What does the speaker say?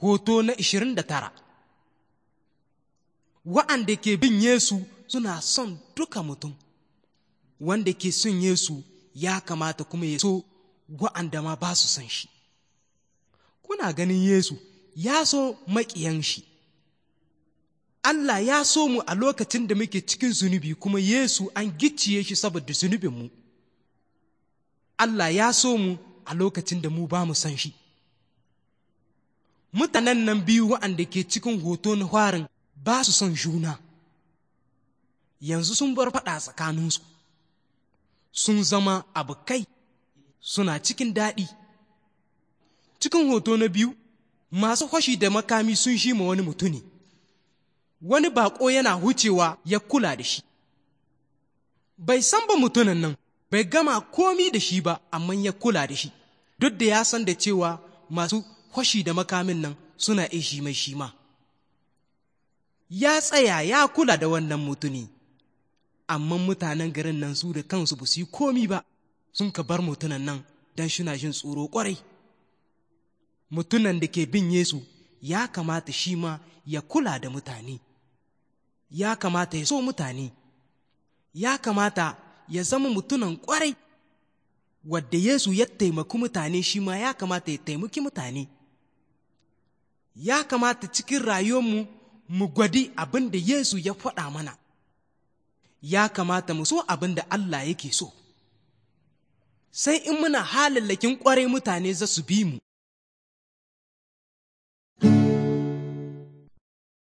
hoto na 29 wa'anda ke bin Yesu suna son duka mutum wanda ke son Yesu ya kamata kuma ya so wa'anda ma ba su son shi kuna ganin Yesu ya so maƙiyan shi Allah ya so mu a lokacin da muke cikin zunubi kuma Yesu an gicciye shi saboda zunubinmu Allah ya so mu a lokacin da mu ba mu san shi mutanen nan biyu waɗanda ke cikin hoto na farin ba su son juna yanzu sun bar faɗa tsakaninsu sun zama abokai suna cikin daɗi cikin hoto na biyu masu hashi da makami sun shi ma wani mutuni wani baƙo yana hucewa ya kula da shi bai san ba mutunan nan bai gama komi da shi ba amma ya kula da shi duk da ya san da cewa masu kwashi da makamin nan suna ishi shi mai shima ya tsaya ya kula da wannan mutuni amma mutanen garin nan su da kansu ba su yi komi ba sun ka bar mutunan nan don suna jin tsoro kwarai mutunan da ke bin yesu ya kamata shi ma ya kula da mutane ya kamata ya so mutane ya kamata ya zama mutunan kwarai wadda yesu ya taimaki mutane shi ma ya kamata ya taimaki mutane ya kamata cikin rayuwarmu mu gwadi abin da Yesu ya faɗa mana, ya kamata mu so abin da Allah yake so, sai in muna halallakin ƙwarai mutane za su bi mu.